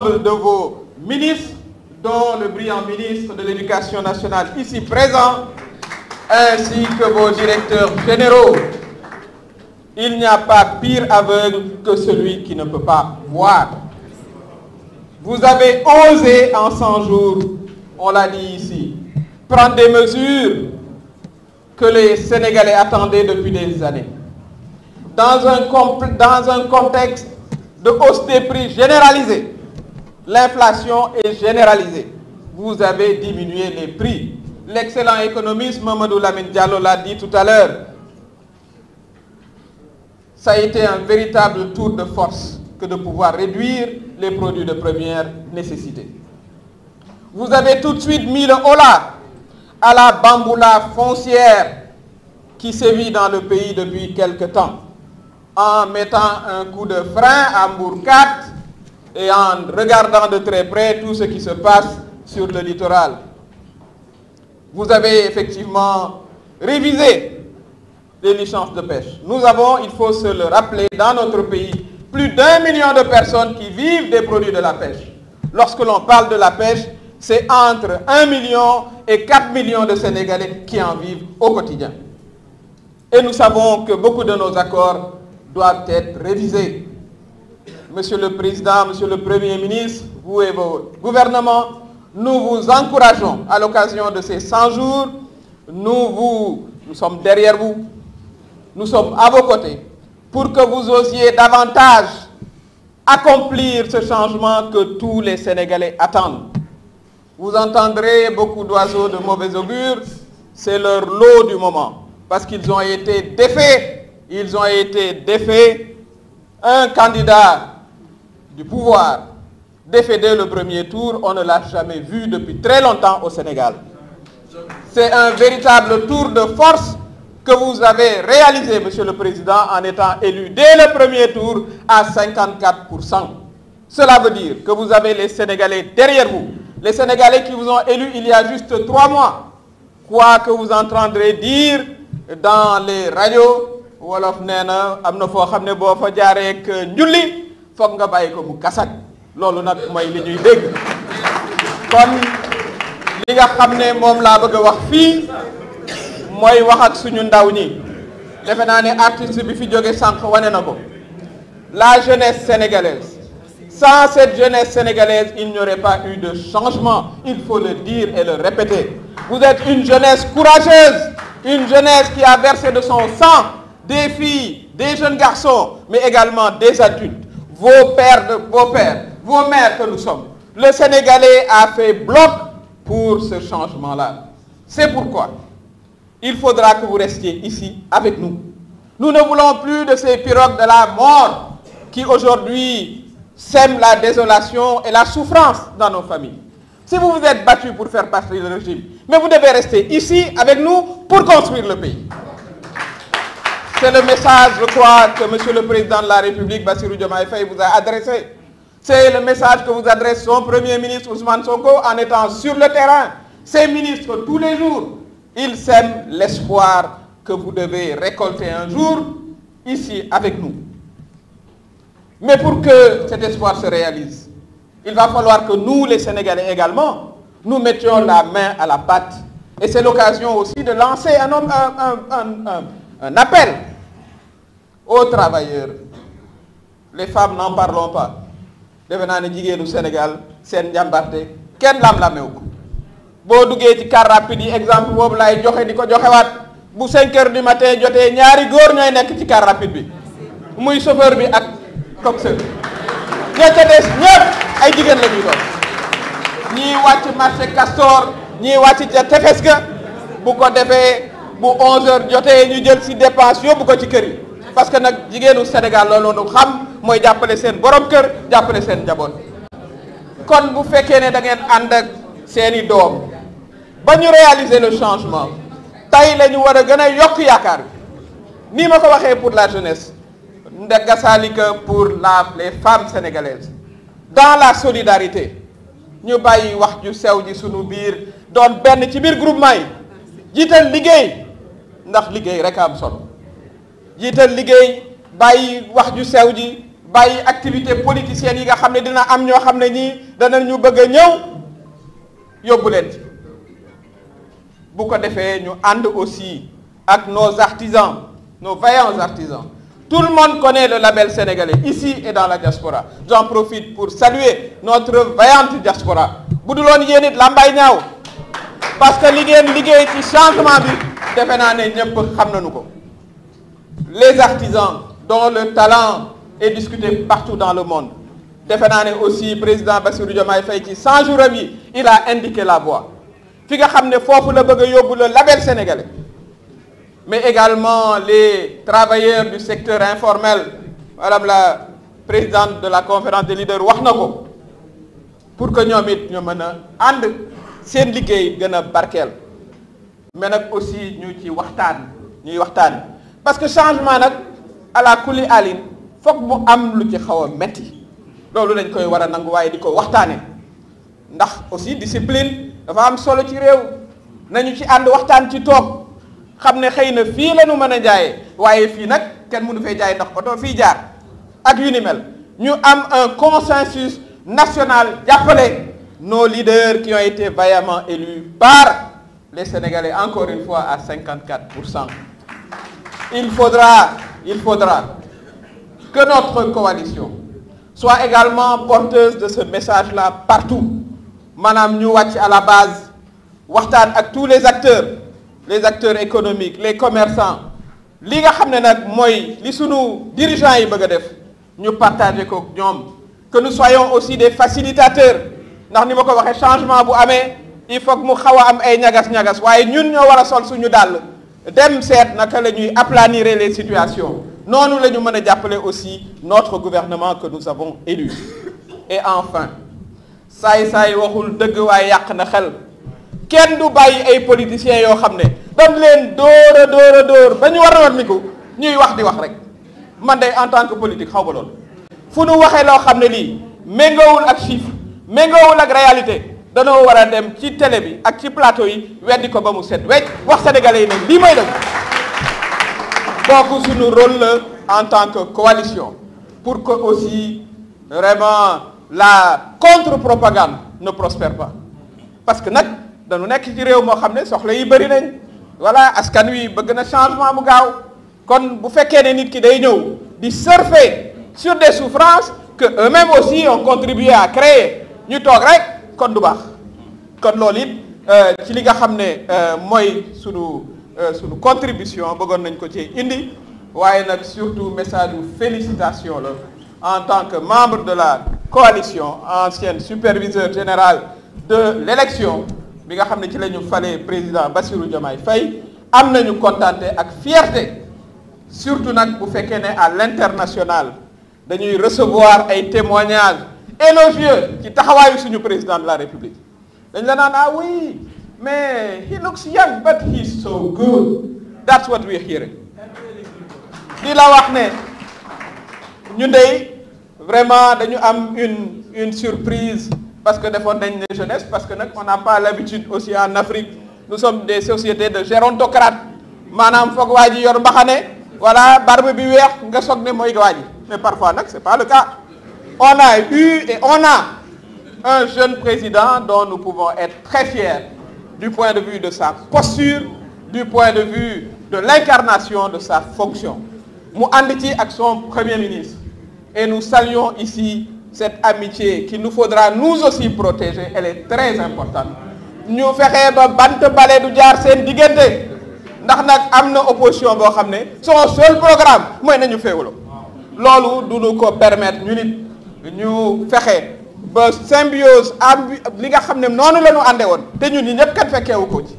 de vos ministres, dont le brillant ministre de l'Éducation nationale ici présent, ainsi que vos directeurs généraux. Il n'y a pas pire aveugle que celui qui ne peut pas voir. Vous avez osé en 100 jours, on l'a dit ici, prendre des mesures que les Sénégalais attendaient depuis des années. Dans un, contexte de hausse des prix généralisée, L'inflation est généralisée. Vous avez diminué les prix. L'excellent économiste Mamadou Lamine Diallo l'a dit tout à l'heure. Ça été un véritable tour de force que de pouvoir réduire les produits de première nécessité. Vous avez tout de suite mis le holà à la bamboula foncière qui sévit dans le pays depuis quelque temps en mettant un coup de frein à Mbour et en regardant de très près tout ce qui se passe sur le littoral. Vous avez effectivement révisé les licences de pêche. Nous avons, il faut se le rappeler, dans notre pays, plus d'un million de personnes qui vivent des produits de la pêche. Lorsque l'on parle de la pêche, c'est entre un million et 4 millions de Sénégalais qui en vivent au quotidien. Et nous savons que beaucoup de nos accords doivent être révisés. Monsieur le Président, Monsieur le Premier ministre, vous et vos gouvernements, nous vous encourageons à l'occasion de ces 100 jours. Nous, vous, nous sommes derrière vous. Nous sommes à vos côtés pour que vous osiez davantage accomplir ce changement que tous les Sénégalais attendent. Vous entendrez beaucoup d'oiseaux de mauvais augure, c'est leur lot du moment, parce qu'ils ont été défaits. Ils ont été défaits. Un candidat du pouvoir défait dès le premier tour, on ne l'a jamais vu depuis au Sénégal. C'est un véritable tour de force que vous avez le Président, en étant tour à 54%. Cela veut dire que vous avez les Sénégalais les Sénégalais qui vous ont élus il y a juste trois mois. Quoi que dans les radios, wolof nee na am na foo xam ne boo fa jaareek njulli foog nga bàyyi ko mu kasag loolu nag mooy li ñuy dégg kon li nga xam ne moom laa bëgg wax fii mooy wax ak suñu ndaw ñi defe naa ne artiste bi fi jóge sànq wane na ko la jeunesse sénégalaise sans cette jeunesse sénégalaise il n'y aurait pas eu de changement il faut le dire et le répéter vous êtes une jeunesse courageuse une jeunesse qui a versé de son sang des filles des jeunes garçons mais également des adultes vos pères, de, vos pères, vos mères que nous sommes, le Sénégalais a fait bloc pour ce changement-là. C'est pourquoi il faudra que vous restiez ici avec nous. Nous ne voulons plus de ces pirogues de la mort qui aujourd'hui sèment la désolation et la souffrance dans nos familles. Si vous vous êtes battus pour faire passer le régime, mais vous devez rester ici avec nous pour construire le pays. C'est le message, je crois, que Monsieur le Président de la République, Bassirou Diomaye Faye, vous a adressé. C'est le message que vous adresse son Premier ministre Ousmane Sonko en étant sur le terrain. Ces ministres, tous les jours, ils sèment l'espoir que vous devez récolter un jour ici avec nous. Mais pour que cet espoir se réalise, il va falloir que nous, les Sénégalais également, nous mettions la main à la pâte. Et c'est l'occasion aussi de lancer un, homme, un appel aux les femmes n'en parlons pas defe naa ne jigéenu Sénégal seen njàmbarte kenn lam-lamewu ko boo duggee ci car rapide yi exemple boobu laay joxe di ko joxewaat bu 5 heures du matin jotee ñaari góor ñooy nekk ci car rapide bi muy chauffeur bi ak coxeur ña ca des ñëpp ay jigéen la doon ñii wàcc marché Castor ñii wàcc ca tefes ga bu ko defee bu 11h jotee ñu jël si dépense yóbbu ko ci kër yi parce que nag jigéenu Sénégal loolu xam mooy jàppale seen borom kër jàppale seen njaboot. kon bu fekkee ne da ngeen ànd ak seeni doom ba ñu réaliser le changement tey la ñu war a gën a yokk yaakaar bi nii ma ko waxee pour la jeunesse ndega saalika pour la les femmes sénégalaises dans la solidarité ñu bàyyi wax ju sew ji sunu biir doon benn ci biir groupement yi jiital liggéey ndax liggéey rek am solo jiital liggéey bàyyi wax ju sew ji bàyyi activité politicienne yi nga xam ne dina am ñoo xam ne ñii dana ñu bëgg a ñëw yóbbu leen ci bu ko defee ñu ànd aussi ak nos artisans nos vaillants artisans tout le monde connaît le label sénégalais ici et dans la diaspora j'en profite pour saluer notre vaillante diaspora bu du loon yéen it ñaaw parce liggéey liggéey ci changement bi defe naa ne ñëpp xam nañu ko les artisans dont le talent est discuté partout dans le monde defe naa ne aussi président Bassirou Diomaye Faye ci 100 jours am yi il a indiqué la voie fi nga xam ne foofu la bëgg a yóbbu le label sénégalais mais également les travailleurs du secteur informel madame la présidente de la conférence des leaders wax na ko pour que ñoom it ñu mën a ànd seen liggéey gën a barkeel. mais nag aussi ñu ci waxtaan ñuy waxtaan parce que changement nag ala kulli alin foog mu am lu ci xaw a metti loolu lañ koy war a nangu waaye di ko waxtaane ndax aussi discipline dafa am solo ci réew nañu ci ànd waxtaan ci toog xam ne xëy na fii la ñu mën a jaayee waaye fii nag kenn mënu fee jaay ndax oto fii jaar ak yu ni mel ñu am un consensus national jàppale nos leaders qui ont été vaillamment élus par les Sénégalais encore une fois à 54 pour cent. Il faudra, il faudra que notre coalition soit également porteuse de ce message-là partout maanaam ñu wàcc à la base waxtaan ak tous les acteurs les acteurs économiques les commerçants li nga xam ne nag mooy li sunu dirigeants yi bëgg a def ñu partager ko ñoom que nous soyons aussi des facilitateurs ndax ni ma ko waxee changement bu amee. il faut mu xaw a am ay ñagas-ñagas waaye ñun ñoo war a sol suñu dàll dem seet na la ñuy aplanir les situations noonu la ñu mën a jàppale aussi notre gouvernement que nous avons élu et enfin saay-saay waxul dëgg waaye yàq na xel kenn du bàyyi ay politiciens yoo xam ne dañ leen dóor a dóor a dóor ba ñu war a ko ñuy wax di wax rek man de en tant que politique xaw ba loolu fu nu waxee loo xam ne lii méngoowul ak chiffre méngoowul ak réalité danoo war a dem ci télé bi ak ci plateau yi weddi ko ba mu set wecc wax sénégalais yi nag lii may def kooku suñu rôle en tant que coalition pour que aussi vraiment la contre-propagande ne prospère pas parce que nag dañu nekk ci réew moo xam ne soxla yi bëri nañ voilà askan wi bëgg na changement mu gaaw kon bu fekkee ne nit ki day ñëw di surfer sur des souffrances que eux-mêmes aussi ont contribué à créer ñu toog rek kon du baax kon loolu it euh, ci li nga xam ne euh, mooy sunu euh, sunu contribution bëggoon nañ ko ci indi waaye nag surtout message bu félicitation la en tant que membre de la coalition ancien superviseur général de l'élection bi nga xam ne ci la ñu falee président Bassirou Diomaye fay am nañu contenté ak fierté surtout nag bu fekkee ne à l'international dañuy recevoir ay témoignages élogieux ci taxawaayu suñu président de la république dañ la naan ah oui mais he looks young but he's so good that's what we're hearing lii la wax ne ñu dey vraiment dañu am une une surprise parce que defoon nañ ne jeunesse parce que nag on n'a pas l'habitude aussi en Afrique nous sommes des sociétés de gérontocrates maanaam foog waa ji yor mbaxane voilà barbe bi weex nga soog ne mooy waa ji mais parfois nag c'est pas le cas on a eu et on a un jeune président dont nous pouvons être très fiers du point de vue de sa posture du point de vue de l'incarnation de sa fonction mu ànd ci ak son premier ministre et nous saluons ici cette amitié qu'il nous faudra nous aussi protéger elle est très importante ñu fexee ba bant bale du jaar seen diggante ndax nag am na opposition boo xam ne son seul programme mooy nañu féewuloo loolu du ñu ko permettre ñu nit ñu fexe ba symbiose am li nga xam ne noonu la ñu ànde woon te ñu nii ñëpp kat fekkeewu ko ci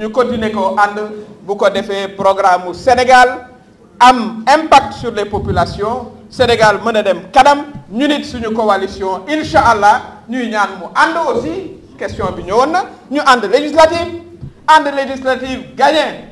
ñu continuer ko ànd bu ko defee programme mu Sénégal am impact sur les populations Sénégal mën a dem kanam ñu nit suñu coalition incha allah ñuy ñaan mu ànd aussi question bi ñëwoon na ñu ànd législative ànd législative gagné.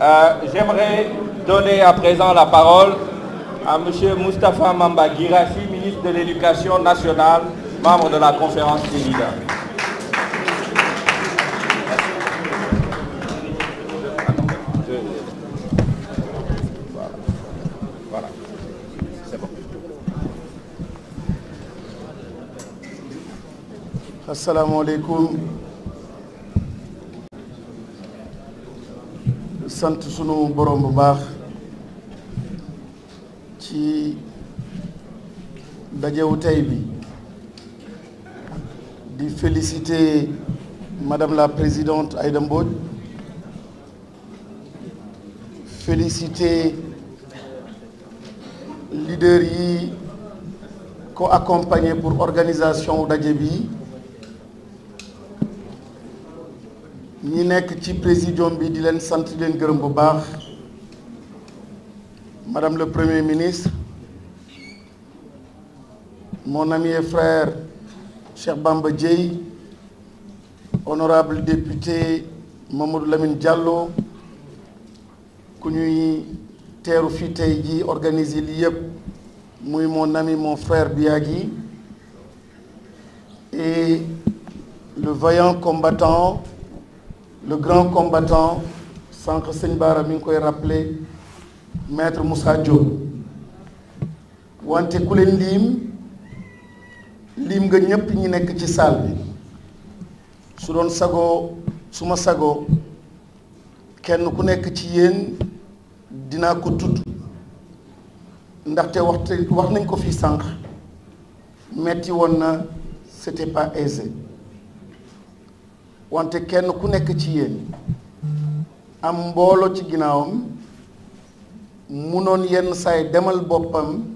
Euh, J'aimerais donner à présent la parole à M. Moustapha Mamba Girassi, ministre de l'Éducation nationale, membre de la conférence des leaders. sant sunu borom bu baax ci dajewu tey bi di féliciter madame la présidente Aïda Mbodj féliciter leader yi ko accompagner pour organisation daje bi ñi nekk ci présidium bi di leen sant leen gërëm bu baax madame le premier ministre mon ami frère Cheikh Bamba Dièye honorable député Mamadou Lamine jàlloo ku ñuy teeru fii tey ji organiser lii yëpp muy mon ami mon frère Biagui et le vaillant combattant le grand combattant sànq sëñ Baara mi ngi koy rappelé maître Moussa Diop wante ku leen liim liim nga ñépp ñi nekk ci salle bi su doon sagoo suma sagoo kenn ku nekk ci yéen dinaa ko tudd ndaxte waxte wax nañ ko fii sànq metti woon na c'était pas aisé wante kenn ku nekk ci yéen am mbooloo ci ginnaawam noon yenn saay demal boppam